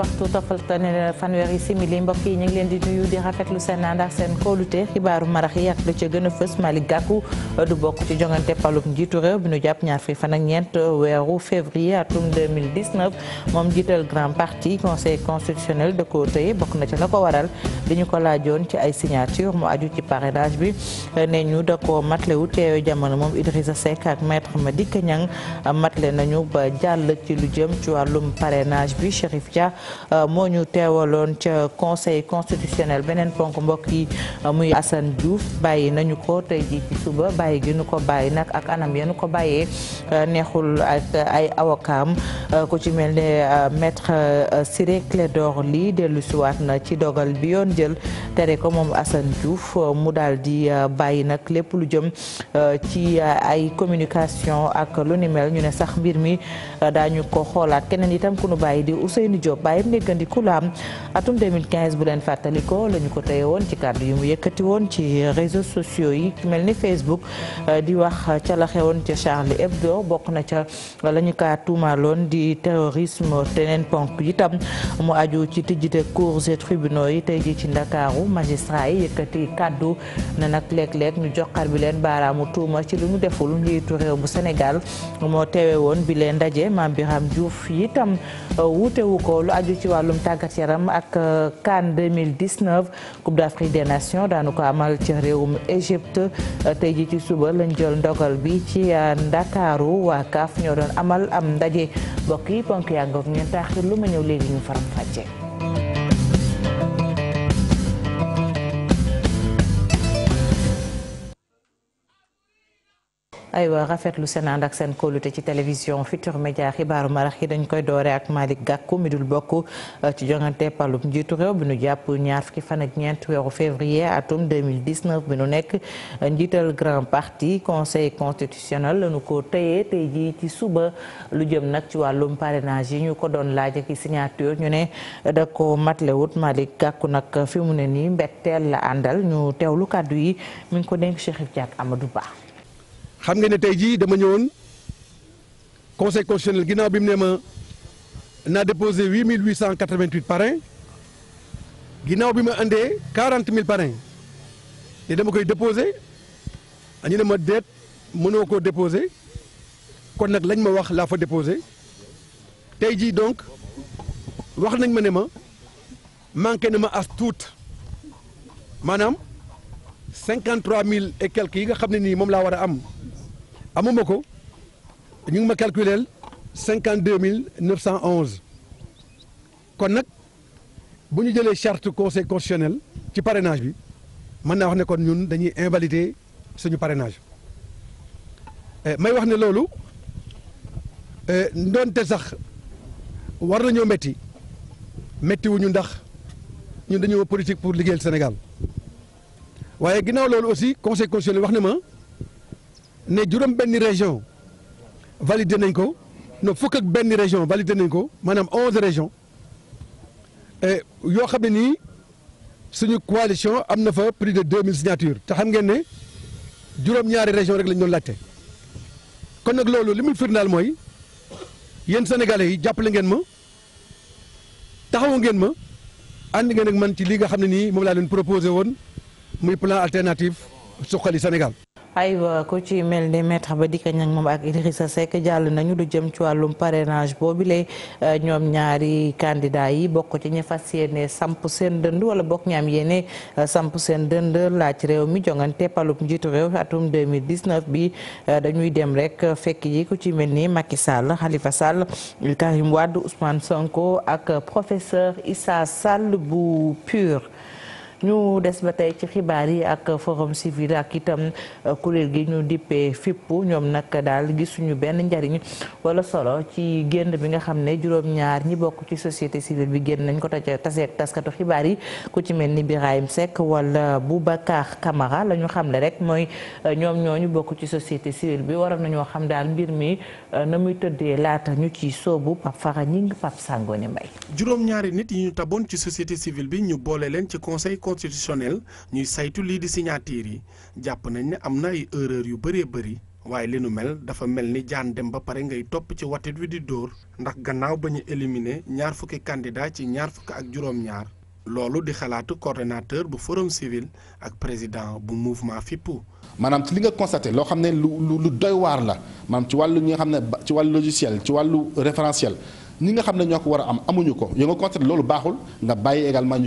waxtu toppaltan fanweer yi simili mbokk yi ñu ngi leen di nuyu di rafetlu seen ànd ak seen kóolute xibaaru marax yi ak lu ca gën a fës Malick Gakou du bokk ci jongante palum njiitu réew bi nu jàpp ñaar fi fan ak ñeent weeru février atum 2019 moom jiital grand parti conseil constitutionnel de ko tëye bokk na ci la ko waral di ñu ko laajoon ci ay signature mu aju ci parrainage bi ne ñu da koo matlewu teeyo jamono moom Idrissa Seck ak maître Madické Niang matle nañu ba jàll ci lu jëm ci wàllum parrainage bi Chérif Dia Euh, moo ñu teewaloon ca conseil constitutionnel beneen ponk mbokk yi euh, muy Assane Diouf bàyyi nañu ko tey jii ci suba bàyyi gi ñu ko bàyyi nag ak anam yenu ko bàyyee euh, neexul ak ay awakaam ku ci mel ne maître Ciré Clédor Ly dellu siwaat na ci dogal bi yoon jël tere ko moom Assane Diouf mu daal di bàyyi nag lépp lu jëm ci ay communication ak lu ni mel ñu ne sax mbir mi daañu ko xoolaat keneen itam ku nu bàyyi di Ousseynou Diop bàyyi waaye néggandiku la am atum 2015 bu leen fàttalikoo la ñu ko téye woon ci kàddu yu mu yëkkati woon ci réseaux sociaux yi mel ni Facebook euh, di wax ca la xewoon ca Charlie Hebdo bokk na ca la ñu kaa tuumaaloon di terrorisme teneen ponk itam mu aju ci tijjite cours et tribunaux yi tey ji ci Ndakaaru magistrat yi yëkkati kaddu na nag léeg-léeg ñu joxar bi leen baaraamu tuuma ci lu mu deful njiitu réew bu Sénégal moo teewe woon bi ndaje Mame Birame Diouf itam euh, wuute ci wàllum tàggat yaram ak euh, CAN 2019 Coupe d'Afrique des Nations daanu ko amal ci réewum Égypte euh, tey ji ci suba lañ jël ndogal bi ci euh, Ndakaaru waa CAF ñoo doon amal am ndaje mbokk yi ponk yàggoog ngeen taxir lu ma ñëw léegi ñu faram fàccee aywa rafetlu seen ànd ak seen coluté ci télévision Futur Média xibaaru marax yi dañ koy doore ak Malick Gakou mi dul bokk euh, ci jongante palub njiitu réew bi nu jàpp ñaar fukki fan ak ñeent weeru février atum 2019 bi nu nekk njiital grand parti conseil constitutionnel lañu ko tëyee tey jii ci suba lu jëm nag ci wàllum parrainage yi ñu ko doon laaj ak signature ñu ne da ko matlewut Malick Gakou nag fi mu ne nii mbetteel la àndal ñu teewlu kàddu yi mu ngi ko dénk Cheikh Diak Amadou Ba xam nga ne tey jii dama ñëwoon conseil constitutionnel ginnaaw bi mu ne ma naa déposé huit mille huit cent quatre vingt huit parrains ginnaaw bi ma andee quarante mille parrains te dama koy déposé ñu ne ma deet mënoo koo déposé kon nag lañ ma wax laa fa déposé tey jii donc wax nañ ma ne ma manqué na ma as tuut maanaam cinquante trois mille et quelques yi nga xam ne nii moom laa war a am. amuma ko ñu ngi ma calculeel cinquante deux mille neuf cent onze kon nag bu ñu jëlee charte conseil constitutionnel ci parrainage bi mën naa wax ne kon ñun dañuy invalider suñu parrainage eh, may wax ne loolu eh, ndoonte sax war nañoo métti métti wuñu ndax ñun dañoo politique pour liggéey Sénégal waaye ginnaaw loolu aussi conseil constitutionnel wax ne ma. ne juróom benn région validé nañ ko non fukk ak benn région validé nañ ko maanaam onze régions yoo xam ne nii suñu coalition am na fa plus de deux mille signatures te xam ngeen ne juróom-ñaari région rek lañ doon laajte kon nag loolu li muy firndaal mooy yéen sénégalais yi jàppale ngeen ma taxawu ngeen ma ànd ngeen nag man ci lii nga xam ne nii moom laa leen proposé woon muy plan alternatif suqali Sénégal ay aywa ku ci mel ne maître ba dikka ñang moom ak Idrissa Seck jàll nañu du jëm ci wàllum parrainage boobu lee euh, ñoom ñaari candidat yi bokk ci ña fas yéene samp seen dënd wala bokk ñi am yéene euh, samp seen dënd laaj réew mi jongante palu njiitu réew atum 2019 bi euh, dañuy dem rek fekk yi ku ci mel ni Macky Sall Khalifa Sall Karim Wade Ousmane Sonko ak professeur Issa Sall bu PUR ñu des ba tey ci xibaar yi ak forum civil ak itam euh, kuréel gi ñu dippee fipp ñoom nag daal gisuñu benn njariñ wala solo ci génn bi nga xam ne juróom-ñaar ñi bokk ci société civile bi génn nañ ko taseek taskatu xibaar yi ku ci mel ni Birahim Seck wala Boubacar Camara la ñu xam le rek mooy euh, ñoom ñooñu bokk ci société civile bi waroon nañoo xam daal mbir mi euh, na muy tëddee laata ñu ci soobu Pape Fara ñi ngi Pape Sangone Mbaye juróom-ñaari nit ñu taboon ci société civile bi ñu boole leen ci conseil constitutionnel ñuy saytu lii di signataires yi jàpp nañ ne am na ay erreur yu bëree bëri waaye li nu mel dafa mel ni jaan dem ba pare ngay topp ci watit wi di dóor ndax gannaaw ba ñu éliminer ñaar fukki candidat ci ñaar fukk ak juróom-ñaar loolu di xalaatu coordonnateur bu forum civil ak président bu mouvement fippu maanaam ci li nga constaté loo xam ne lu lu doy waar la maanaam ci wàllu ñi nga xam ne ci wàllu logiciel ci wàllu référentiel ñi nga xam ne ñoo ko war a am amuñu ko yoo nga constaté loolu baaxul nga bàyyi également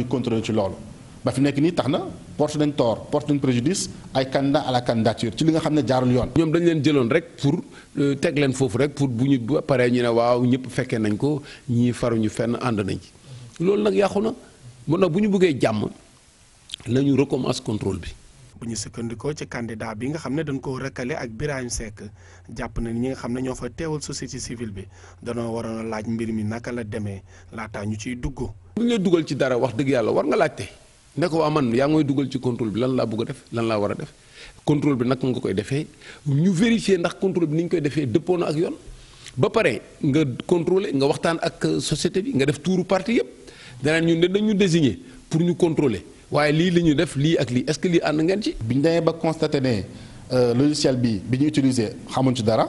ci loolu ba fi nekk nii tax na porte nañ tort porte nañ préjudice ay candidat à la candidature ci li nga xam ne jaarul yoon. ñoom dañ leen jëloon rek pour euh, teg leen foofu rek pour bu ñu paree ñu ne waaw ñëpp fekkee nañ ko ñii faruñu fenn ànd nañ ci loolu nag yàqu na mun nag bu ñu buggee jàmm nañu recommence contrôle bi. bu ñu sukkandikoo ci candidat bi nga xam ne dañ ko rëkkale ak Birahim Seck jàpp nañ ñi nga xam ne ñoo fa teewal société civile bi danoo waroon a mbir mi naka la demee laataa ñu ciy dugg. bu ñu dugal ci dara wax dëgg yàlla war nga laajte. ne ko waa man yaa ngoy dugal ci contrôle bi lan laa bëgg def lan laa war a def contrôle bi naka nga koy defee ñu vérifier ndax contrôle bi ni ñu koy defee dëppoo ak yoon ba pare nga contrôler nga waxtaan ak euh, société bi nga def tuuru parti yëpp danaan ñun de dañu désigner pour ñu contrôler waaye lii li ñu def lii ak lii est-ce que lii ànd ngeen ci. bi ñu demee ba constaté ne euh, logiciel bi bi ñu utilisé xamuñ ci dara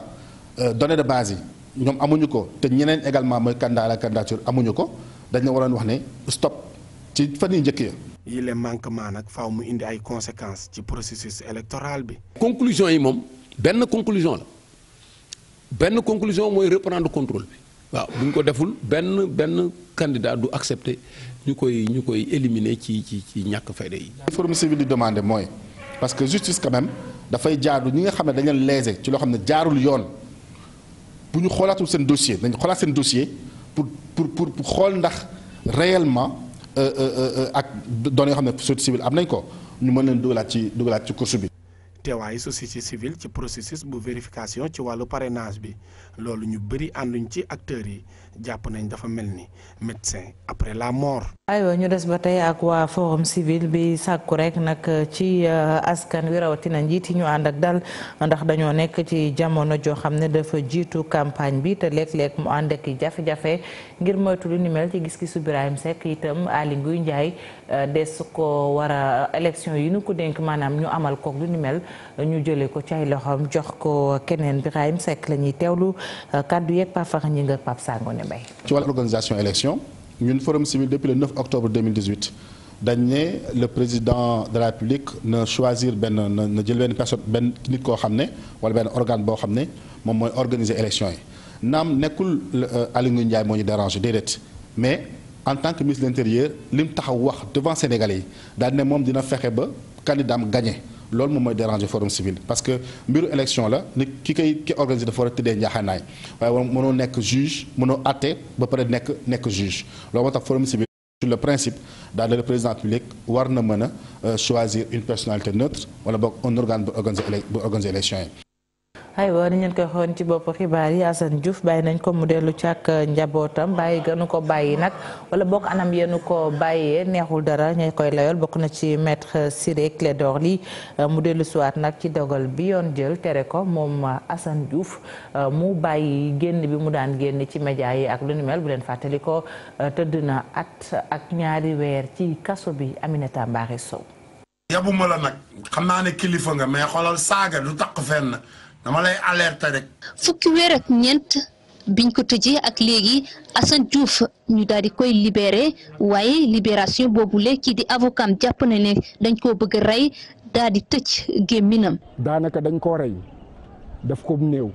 euh, données de base yi ñoom amuñu ko te ñeneen également mooy candidat la amuñu ko dañ la waroon wax ne stop ci fan yii njëkk yile manquement nag faaw mu indi ay conséquence ci processus électoral bi. conclusion yi moom benn conclusion la benn conclusion mooy reprendre contrôle bi. waaw bu ñu ko deful benn benn candidat du accepter ñu koy ñu koy éliminer ci ci ci ñàkk fayda yi. forme civile di demandé mooy parce que justice quand même dafay jaadu ñi nga xam ne dañ leen lésé ci loo xam ne jaarul yoon bu ñu xoolaatul seen dossier dañ xoolaat seen dossier pour pour pour xool ndax réellement. Euh, euh, euh, ak données yoo xam ne société civile am nañ ko ñu mën leen dugalaat ci dugalaat ci course bi. teewaayu société civile ci processus bu vérification ci wàllu parrainage bi loolu ñu bëri ànduñ ci acteurs yi jàpp nañ dafa mel ni médecin après la mort. aywa ñu des ba tey ak waa forum civil bi sàkku rek nag euh, ci euh, askan wi rawatina njiit yi ñu ànd ak dal ndax dañoo nekk ci jamono joo xam ne dafa jiitu campagne bi te léeg-léeg mu ànd ak jafe-jafe ngir moytu lu ni mel ci gis-gisu Birahim Seck itam Aly Ngouille Ndiaye Euh, des ko war election élection yi nu ko denk maanaam ñu amal koog lu ni mel ñu jëlee ko ci ay loxoom jox ko keneen Birahim Seck la ñuy teewlu euh, kàddu yeeg Pape Faxa ñi nga saa Sangone Mbaye ci wàllu organisation élection ñun forum civil depuis le 9 octobre 2018 dañ ne le président de la République na choisir benn na jël benn personne benn nit koo xam ne wala benn organe boo xam ne moom mooy organiser élection yi naam nekkul euh, Aliou Ndiaye moo ñu déranger déedéet mais. en tant que ministre de l'intérieur li mu taxaw wax devant Sénégalais yi daal ne moom dina fexe ba candidat am gagné loolu moom mooy déranger forum civil parce que mbiru élection la nit ki koy ki organisé dafa war a tëddee njaaxaanaay waaye mënoo nekk juge mënoo àtte ba pare nekk nekk juge loolu moo tax forum civil sur le principe daal ne le public war na mën a euh, choisir une personnalité neutre wala boog un organe bu organisé bu organisé élection yi aywa ni ngeen koy xoon ci bopp xibaar yi Assane Diouf bàyyi nañ ko mu dellu ci ak euh, njabootam bàyyi gënu ko bàyyi nag wala bokk anam yenu ko bàyyee neexul dara ñay koy layool bokk na ci maître Ciré Clédor Ly euh, mu dellu siwaat nag ci dogal bi yoon jël tere ko moom euh, Assane Diouf mu bàyyi génn bi mu daan génn ci média yi ak lu ni mel bu leen fàttali ko tëdd na at ak ñaari weer ci kaso bi Aminata Mbaare Sow yabuma la nag xam naa ne kilifa nga mais xoolal saaga dama lay alerter rek. fukki weer ñeent biñ ko tëjee ak léegi Assane Diouf ñu daal di koy libéré waaye libération boobule kii di avocat am jàpp na ne dañ koo bëgg a rey daal di tëj gémminam daanaka dañ koo rey def ko néew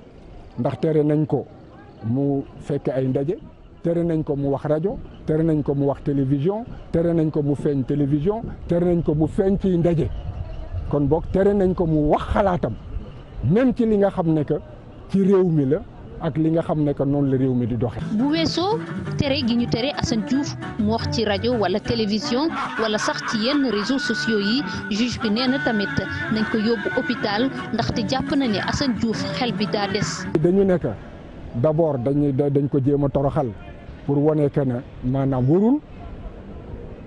ndax tere nañ ko mu fekk ay ndaje tere nañ ko mu wax rajo tere nañ ko mu wax télévision tere nañ ko mu feeñ télévision tere nañ ko mu feeñ ndaje kon boog tere nañ ko mu wax xalaatam. même ci li nga xam ne que ci réew mi la ak li nga xam ne que noonu la réew mi di doxe bu weesoo tere gi ñu tere Assane Diouf mu wax ci rajo wala télévision wala sax ci yenn réseaux sociaux yi juge bi nee na tamit nañ ko yóbbu hôpital ndaxte jàpp na ne Assane Diouf xel bi daa des. dañu nekk d' abord dañuy dañ ko jéem a toroxal pour wane que ne maanaam warul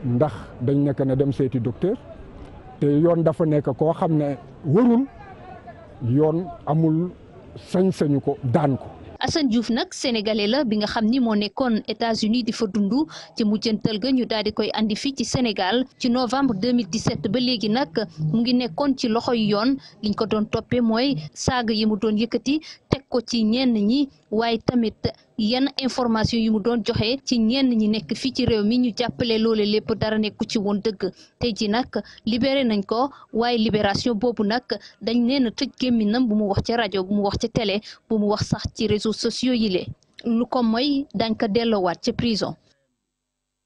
ndax dañ nekk ne dem seeti docteur te yoon dafa nekk koo xam ne warul. yoon amul sañ-sañu ko daan ko. Assane Diouf nag sénégalais la bi nga xam ni moo nekkoon États-Unis di fa dundu ci mujjantal ga ñu daal di koy indi fii ci Sénégal ci novembre 2017 ba léegi nag mu ngi nekkoon ci loxo loxoy yoon liñ ko doon toppee mooy saaga yi mu doon yëkkati ko ci ñenn ñi waaye tamit yenn information yu mu doon joxe ci ñenn ñi nekk fii ci réew mi ñu jàppale loole lépp dara nekku ci woon dëgg tey ji nag libéré nañ ko waaye libération boobu nag dañ neena tëj gémminam bu mu wax ca rajo bu mu wax ca tele bu mu wax sax ci réseau sociaux yi le lu ko mooy dañ ko delloowaat ci prison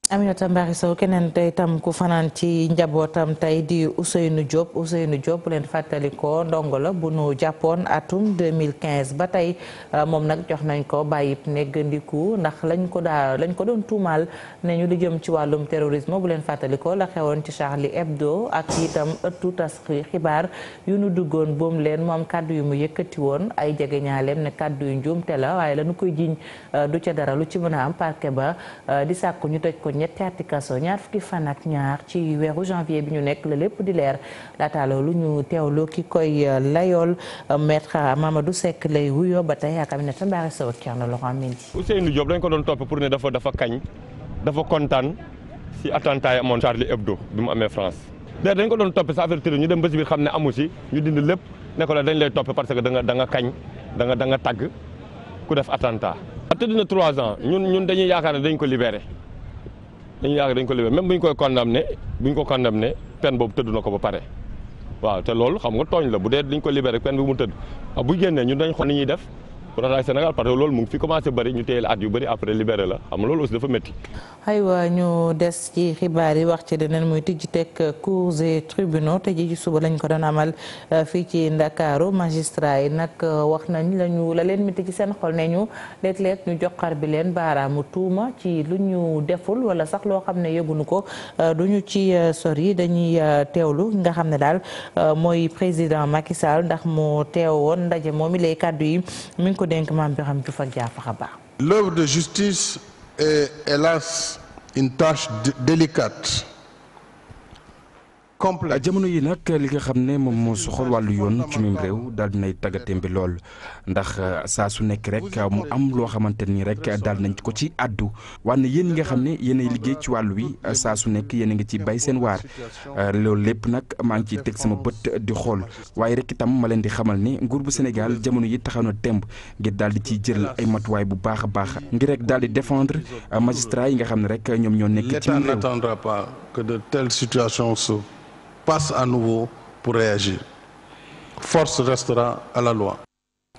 Aminata Mbaari Sow keneen tey tam ku fanaan ci njabootam tey di Ousseynou Diop Ousseynou Diop bu leen fàttali ndongo la bu nu jàppoon atum 2015 ba tey euh, moom nag jox nañ ko bàyyib neggandiku ndax lañ ko daa lañ ko doon tuumaal ne ñu lu jëm ci wàllum terorisme bu leen fàttali ko la xewoon ci Charlie Hebdo ak itam ëttu tas xibaar yu nu duggoon boom leen moom kàddu yu mu yëkkati woon ay jege ñaaleem ne kàddu yu njuumte la waaye la koy jiñ euh, du ca dara lu ci mën a am parquet euh, ñetti ati kaso ñaar fukki fan ak ñaar ci bi ñu nekk la lépp di leer laata loolu ñu teewloo ki koy euh, layool euh, maître Mamadou Seck lay wuyoo ba tey ak Aminata Mbaare Sow ak Thierno Laurent Mendy. Ousseynou Diop dañ ko doon topp pour ne dafa dafa kañ dafa kontaan si attentat yi amoon Charlie Hebdo bi mu amee France. mais dañ ko doon topp sa affaire ñu dem ba si xam ne amu si ñu dindi lépp ne ko la dañ lay topp parce que da nga da kañ danga nga tagg ku def attentat. tëdd na trois ans ñun ñun dañuy yaakaar ne dañ ko libéré. dañu yaakaar dañ ko libéré même bu ñu koy condamné bu ñu ko ne peine boobu tëdd ko ba pare waaw te loolu xam nga tooñ la bu dee dañ ko libéré peine bi mu tëdd ah, bu génnee ñun dañ xool ni ñuy def Prodac Sénégal parce que loolu mu ngi fi commencé bëri ñu téye la at yu bëri après libéré la xam loolu aussi dafa métti. aywa ñu des ci xibaar yi wax ci leneen muy tijji teg cours et tribunaux te ji ci suba lañ ko doon amal euh, fii ci Ndakaaru magistrat yi nag euh, wax nañ la ñu la leen métti ci seen xol ne ñu léeg-léeg ñu joxar bi leen baaraamu tuuma ci lu ñu deful wala sax loo xam ne yëgunu ko euh, du ñu ci yi dañuy teewlu nga xam ne daal mooy président Macky ndax mu teew woon ndaje moom i dénk maam Birame Diouf ak Dia Faraba. L'œuvre de justice est hélas une tâche délicate. complet euh, jamono yi nag li nga xam ne moom moo soxal wàllu yoon ci mim réew daal dinay tàggatem bi lool ndax euh, saa su nekk rek euh, mu am loo xamante ni rek daal nañ ko ci àddu wanne yéen nga xam ne yéenay liggéey ci wàllu wi saa su nekk yéen a ngi ci bay seen waar loolu lépp nag maa ngi ciy teg sama bët di xool waaye rek itam ma leen di xamal ne nguur bu Sénégal jamono yi taxaw na temb ngir daal di ciy jël ay matuwaay bu baax a baax ngir rek daal di défendre magistrat yi nga xam ne rek ñoom ñoo nekk ci mim réew. L'État n'attendra pas que passe à nouveau pour réagir. Force restera à la loi.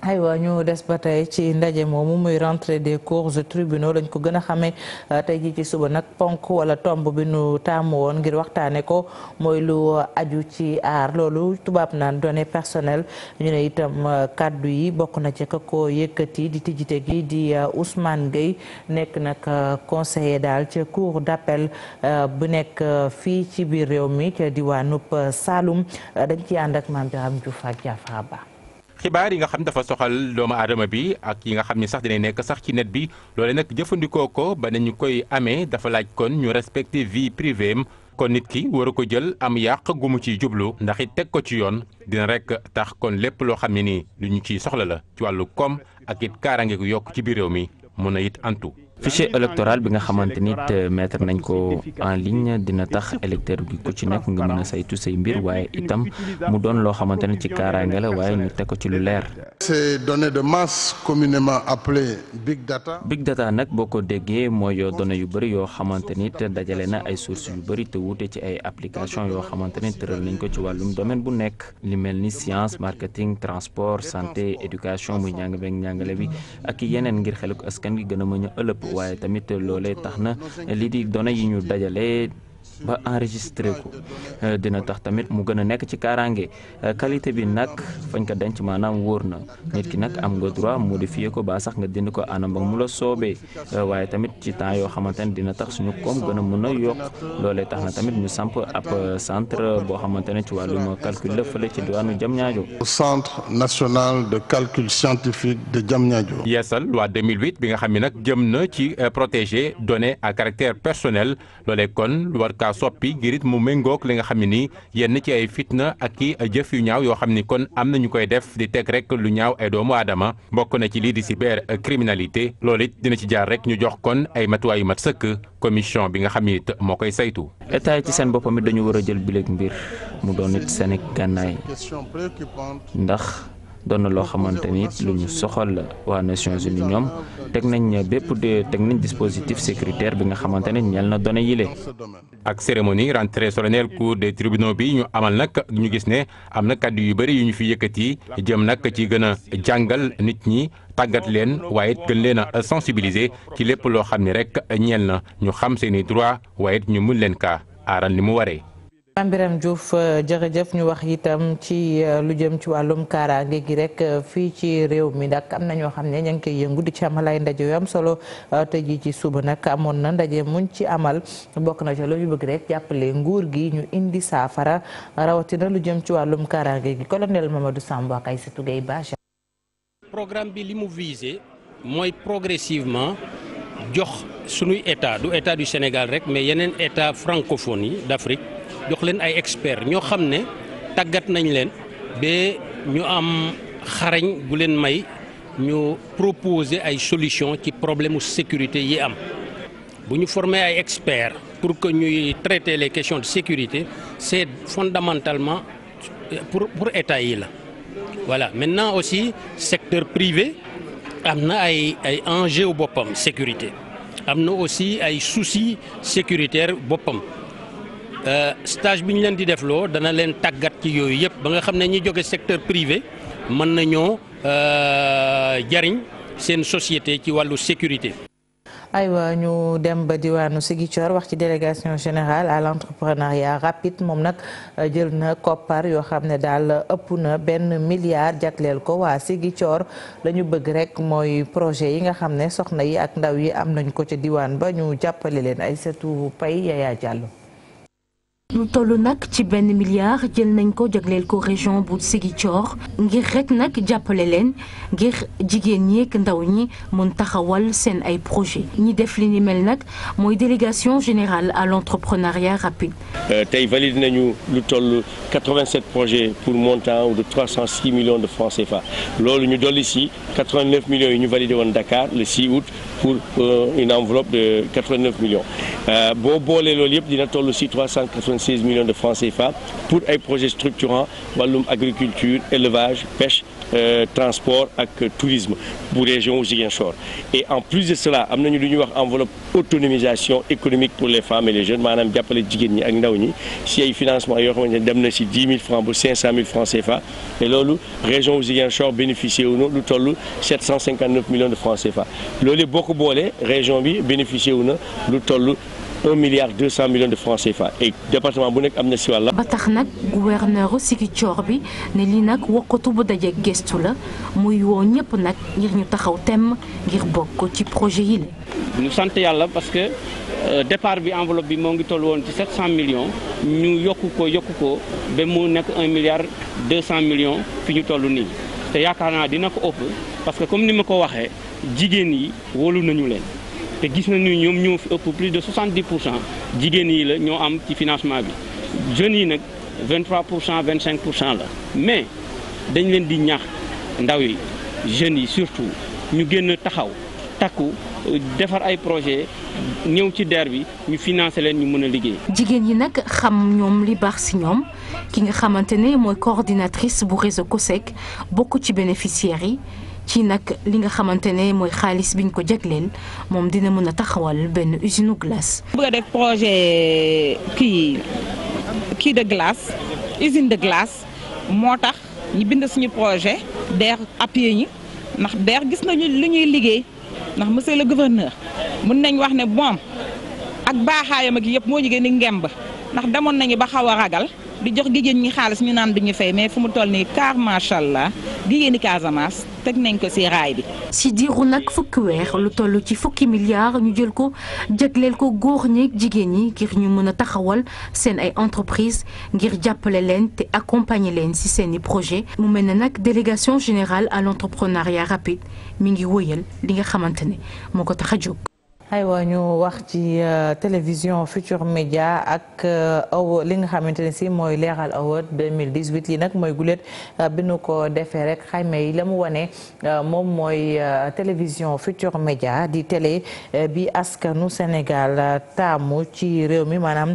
aywa ñu des ba tey ci ndaje moomu mooy rentrée des cours de tribunaux lañ ko gën a xamee euh, tey jii ci suba nag ponk wala tomb bi nu taamu woon ngir waxtaanee ko mooy lu aju ci aar loolu tubaab naan donné personnelles ñu ne itam euh, kàddu yi bokk na ci ka ko yëkkati di tijjite gi di euh, Ousmane Gueye nekk nag conseiller daal ca cour d'appel bu nekk fii ci biir réew mi ca diwaanub Saloum dañ ci ànd ak Mame Birame Diouf ak xibaar yi nga xam dafa soxal doomu aadama bi ak yi nga xam ni sax dina nekk sax ci net bi loole nag jëfandikoo ko ba nañu koy amee dafa laaj kon ñu respecté vie privée am kon nit ki war a ko jël am yàq gu mu jublu ndax it teg ko ci yoon dina rek tax kon lépp loo xam ne nii lu ñu ciy soxla la ci wàllu koom ak it kaaraange yokk ci biir réew mi mun a it antu fichier électoral bi nga xamante nit euh, mettre nañ ko en ligne dina tax électeur bi ku ci nekk nga mën a saytu say mbir waaye itam mu doon loo xamante ne ci kaaraange la waaye ñu teg ko ci lu leer. ces données de masse communément appelées big data. big data nag boo ko déggee mooy donné yu bëri yoo xamante nit dajale na ay sources yu bëri te wuute ci ay application yoo xamante ni tëral nañ ko ci wàllum domaine bu nekk li mel ni science marketing transport santé éducation muy njàng beeg njàngale bi waaye tamit loolee tax na lii di données yi ñu dajale ba enregistré ko eh, dina tax tamit mu gën a nekk ci kaaraange eh, qualité bi nag fañ ko denc maanaam wóor na nit ki nag am nga droit modifier ko ba sax nga dindi ko anam ba mu la soobee eh, waaye tamit ci temps yoo xamante ne dina tax suñu koom gën a mën a yokk loolee tax na tamit ñu samp ab centre boo xamante ne ci wàllum calcul la fële ci diwaanu Diamniadio. centre national de calcul scientifique de Diamniadio. yeesal loi 2008 bi nga xam ni nag jëm na ci protéger données à caractère caa soppi ngir it mu méngoog li nga xam ne nii yenn ci ay fitna ak i jëf yu ñaaw yoo xam ni kon am na ñu koy def di teg rek lu ñaaw ay doomu aadama bokk na ci lii di cyber criminalité loolu it dina ci jaar rek ñu jox kon ay matuwaay yu mat sëkk commission bi nga xam ni moo koy saytu. état yi ci seen boppam it dañu war a jël bileeg mbir mu doon it seen gànnaay ndax. doon na loo xamante ni lu ñu soxal waa Nations Unies ñoom teg nañ bépp de teg nañ dispositif sécuritaire bi nga xamante ne ñeel na données yile ak cérémonie rentrée solennelle cour des tribunaux bi ñu amal nag ñu gis ne am na kàddu yu bëri yu ñu fi yëkkati jëm nag ci gën a jàngal nit ñi tàggat leen waaye it gën leen a sensibiliser ci lépp loo xam ni rek ñeel na ñu xam seeni droit waaye it ñu mun leen kaa aaral li mu waree. Mame Birame Diouf euh, jërëjëf ñu wax itam ci euh, lu jëm ci wàllum kaaraange gi rek euh, fii ci réew mi nag am na ñoo xam ne ña ngi koy yëngu di ci amal ay ndaje yu am solo te ji ci suba nag amoon na ndaje muñ ci amal bokk na ci lu ñu bëgg rek jàppale nguur gi ñu indi saafara rawatina lu jëm ci wàllum kaaraange gi colonel Mamadou Samb ak Aïssatou Gueye Ba programme bi li mu visé mooy progressivement jox sunuy état du état du Sénégal rek mais yeneen état francophone jox leen ay experts ñoo xam ne tàggat nañ leen ba ñu am xarañ bu leen may ñu proposer ay solution ci problème mu sécurité yi am bu ñu former ay experts pour que ñuy traiter les question de sécurité c'est fondamentalement pour pour état yi la. voilà maintenant aussi secteur privé am na ay ay enjeux boppam sécurité am na aussi ay soucis sécuritaires boppam. Euh, stage bi ñu leen di def loo dana leen tàggat ci yooyu yëpp ba nga xam ne ñi jóge secteur privé mën nañoo euh, jariñ seen société ci wàllu sécurité. aywa ñu dem ba diwaanu Ziguinchor wax ci délégation générale à l'entrepreneuriat rapide moom nag euh, jël na koppar yoo xam ne daal ëpp na benn milliard jagleel ko waa Ziguinchor la ñu bëgg rek mooy projet yi nga xam ne soxna yi ak ndaw yi am nañ ko ca diwaan ba ñu jàppale leen ay setu pay Yaya Diallo lu toll nag ci benn milliard jël nañ ko jagleel ko région bu Ziguinchor ngir rek nag jàppale leen ngir jigéen ñi ndaw ñi mën taxawal seen ay projet ñi def li ni mel nag mooy délégation générale à l'entrepreneuriat rapide. Euh, tey valide nañu lu toll 87 projets pour montant de 306 millions de francs CFA loolu ñu dollu si 89 millions yu ñu validé woon Dakar le 6 août pour euh, une enveloppe de 89 millions euh, boo boolee loolu yëpp dina toll si 176 millions de francs CFA pour ay projets structurants wàllum agriculture élevage pêche euh, transport ak tourisme bu région Ziguinchor et en plus de cela am nañu lu ñuy wax enveloppe autonomisation économique pour les femmes et les jeunes maanaam jàppale jigéen ñi ak ndaw ñi si ay financement yoo xamante ne dem na si 10 000 francs ba 500 000 CFA et loolu région Ziguinchor bénéficié wu na lu toll 759 millions de francs CFA loolu boo ko boolee région bi bénéficié wu na lu toll un milliard deux cent millions de francs CFA et département bu nekk am na si wàll. ba tax nag gouverneur Ziguinchor bi ne lii nag wokkatu bu dajeeg gestu la muy woo ñëpp nag ngir ñu taxaw temm ngir bokk ci projet yi la. ñu sant yàlla parce que euh, départ bi enveloppe bi moo ngi toll woon ci sept cent millions ñu yokku ko yokku ko ba mu nekk un milliard deux cent millions fi ñu toll nii te yaakaar naa dina ko ëpp parce que comme ni ma ko waxee jigéen yi na ñu leen. te gis nañu ñoom ñoo fi ëpp plus de 70 pour cent jigéen yi la ñoo am ci financement bi jeunes yi nag 23 pour cent 25 pour cent la mais dañ leen di ñax ndaw yi jeunes yi surtout ñu génn taxaw takku defar ay projet ñëw ci DER bi ñu financé leen ñu mën a liggéey. jigéen yi nag xam ñoom li baax si ñoom ki nga xamante ne mooy coordinatrice bu réseau COSEC bokk ci bénéficiaires yi. ci nag li nga xamante ne mooy xaalis bi biñ ko jagleel moom dina mën a taxawal benn usine glace. bëgg a def projet euh, kii kii de glace usine de glace moo tax ñu bind suñu projet DER appuyé ñi ndax DER gis nañu li ñuy liggéey ndax monsieur le gouverneur mun nañ wax ne moom ak baaxaayam ak yëpp moo ñu gën a ngemb ndax demoon nañu ba xaw a ragal. di jox jigéen ñi xaalis ñu naan du ñu fay mais fu mu toll nii car macha allah jigéen ñi Casamance teg nañ ko ci raay bi. si diiru nag fukki weer lu toll ci fukki milliards ñu jël ko jagleel ko góor ñi jigéen ñi ngir ñu mën a taxawal seen ay entreprise ngir jàppale leen te accompagner leen ci seen i projet mu mel ne nag délégation général à l'entrepreneuriat rapide mi ngi wëyal li nga xamante ne moo ko tax a jóg. aywa ñu wax ci euh, télévision Futur Média ak euh, aw li nga xamante ne si mooy leeral award 2018 lii nag mooy gulet euh, bi nu ko defee rek xayma yi la mu wane moom mooy télévision Futur Média di télé bi askanu Sénégal taamu ci réew mi maanaam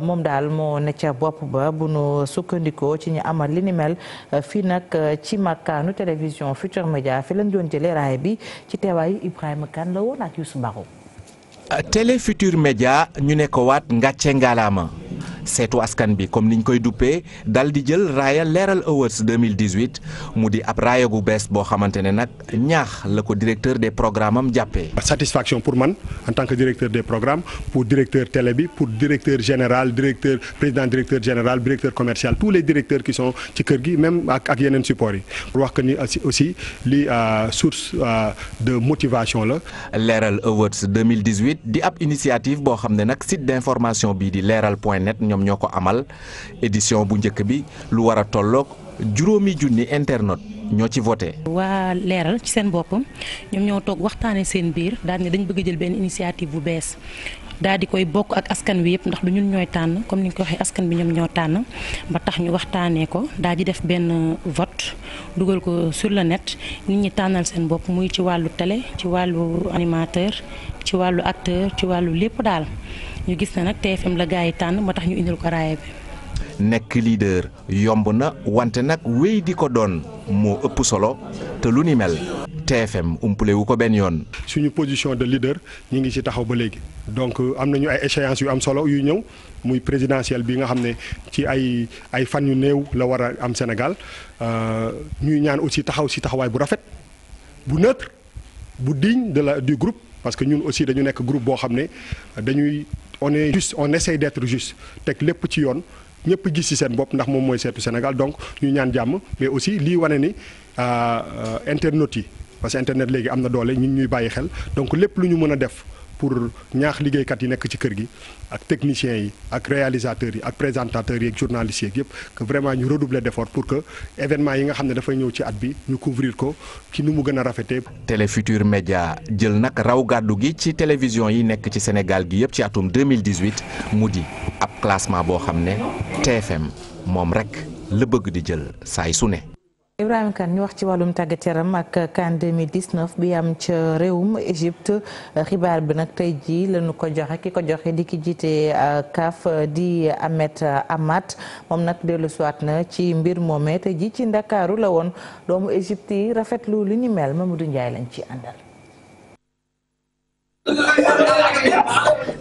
moom daal moo ne ca bopp ba bu nu sukkandikoo ci ñu amal li ni mel fii nag ci makkaanu télévision Futur Média fi lañ doon ci raay bi ci teewaayu Ibrahima Kane la woon ak Youssou Barou Télé Futurs Médias ñu ne ko waat ngàcce ngalaama seetu askan bi comme ñu koy duppee dal di jël raaya leeral awards 2018 mu di ab raaya gu bees boo xamante ne nag ñaax la ko directeur des programmes am jàppee. satisfaction pour man en tant que directeur des programmes pour directeur télé bi pour directeur général directeur président directeur général directeur commercial tous les directeurs qui sont ci kër gi même ak ak yeneen support yi pour wax que ni aussi li euh, source euh, de motivation la. leeral awards 2018 di ab initiative boo xam ne nag site d'information bii di leeral point ñoo ko amal édition bu njëkk bi lu war a tolloog juróomi junni internaute ñoo ci voté. waa leeral ci seen bopp ñoom ñoo toog waxtaanee seen biir daal ne dañ bëgg jël benn initiative bu bees. daal di koy bokk ak askan wi yëpp ndax du ñun ñooy tànn comme ni ñu ko waxee askan bi ñoom ñoo tànn ba tax ñu waxtaanee ko daal di def benn vote dugal ko sur le net nit ñi tànnal seen bopp muy ci wàllu tele ci wàllu animateur ci wàllu acteur ci wàllu lépp daal. ñu gis na nag TFM la gaa yi tànn moo tax ñu indil ko raaya bi. nekk liider yomb na wante nag wéy di ko doon moo ëpp solo te lu ni mel TFM umpule wu ko benn yoon. suñu position de leader ñu ngi ci taxaw ba léegi donc euh, am nañu ay échéances yu am solo yu ñëw muy présidentielle bi nga xam ne ci ay ay fan yu néew la war a am Sénégal euh, ñuy ñaan aussi taxaw si taxawaay bu rafet bu neutre bu digne de la du groupe parce que ñun aussi dañu nekk groupe boo xam ne dañuy. on est juste on essaye d'être juste teg lépp ci yoon ñëpp gis ci seen bopp ndax moom mooy seetu Sénégal donc ñu ñaan jàmm mais aussi lii wane ni euh, euh, internautes yi parce que internet léegi am na doole ñu ngi ñuy bàyyi xel donc lépp lu ñu mën a def. pour ñaax liggéeykat yi nekk ci kër gi ak techniciens yi ak réalisateurs yi ak présentateurs yi ak journalistes yeeg yëpp que vraiment ñu redoubler d'effort pour que événement yi nga xam ne dafay ñëw ci at bi ñu couvrir ko ki nu mu gën a rafetee. Télé Futurs jël nag raw gàddu gi ci télévision yi nekk ci Sénégal gi yëpp ci atum 2018 mu di ab classement boo xam ne TFM moom rek la bëgg di jël saay su ne. Ibrahima Kane ñu wax ci wàllum tàggat yaram ak CAN 2019 bi am ca réewum Égypte xibaar bi nag tey jii lañu ko joxe ki ko joxe di ki jiite kaf euh, di Ahmed Amat moom nag dellu siwaat na ci mbir moomee tey jii ci Ndakaaru la woon doomu Égypte yi rafetlu li ni mel Mamadou Ndiaye lañ ci àndal.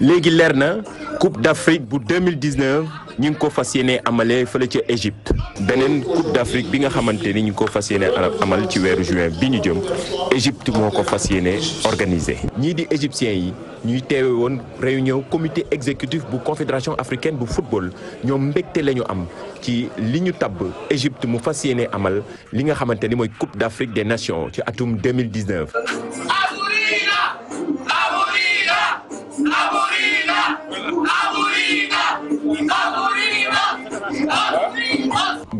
léegi leer na coupe d'Afrique bu 2019 ñu ngi ko fas yéene amale fële ca Égypte beneen coupe d'Afrique bi nga xamante ni ñu ko fas yéene amal ci weeru juin bi ñu jëm Égypte moo ko fas yéene organisé. ñii di égyptiens yi ñuy teewe woon réunion comité exécutif bu confédération africaine bu football ñoom mbégte la ñu am ci li ñu tabb Égypte mu fas yéene amal li nga xamante ni mooy coupe d'Afrique des nations ci atum 2019.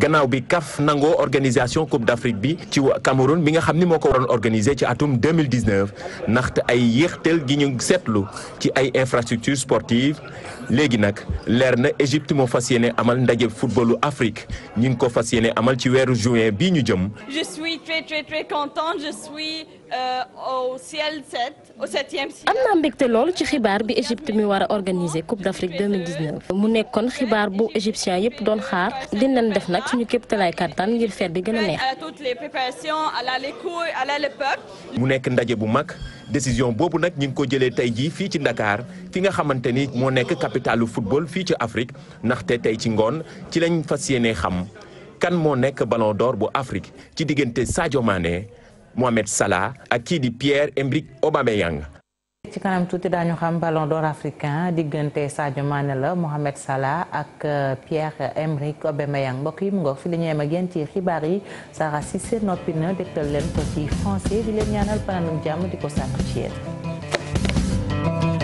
gannaaw bi kaf nangoo organisation Coupe d'Afrique bi ci Cameroun bi nga xam ni moo ko waroon organiser ci atum 2019 ndaxte ay yéexteel gi ñu seetlu ci ay infrastructures sportives léegi nag leer na Égypte moo fas yéene amal ndaje footballu Afrique ñu ngi ko fas yéene amal ci weeru juin bii ñu jëm. je suis très très euh, lool ci xibaar bi Égypte mi war a organiser Coupe d'Afrique 2019 mu nekkoon xibaar bu égyptien yëpp doon xaar dinañ def nag suñu képp talaay kattan ngir feer bi gën a neex. mu nekk ndaje bu mag. décision boobu nag ñi ngi ko jëlee tey jii fii ci ndakaar fi nga xamante ni moo nekk capitalu football fii ci Afrique ndaxte tey ci ngoon ci lañ fas yéenee xam kan moo nekk ballon d'or bu Afrique ci diggante Sadio Mané Mohamed Salah ak kii di Pierre-Emerick Aubameyang ci kanam tuuti daañu xam ballon d'or africain diggante Sadio Mané la Mohamed Salah ak euh, Pierre-Emerick Aubameyang mbokk yi mu ngoog fi la ñuy yem ci xibaar yi Sara Cissé noppi na dégtal leen ko ci français di leen ñaanal fanaanum jàmm di ko sàkku ci yéen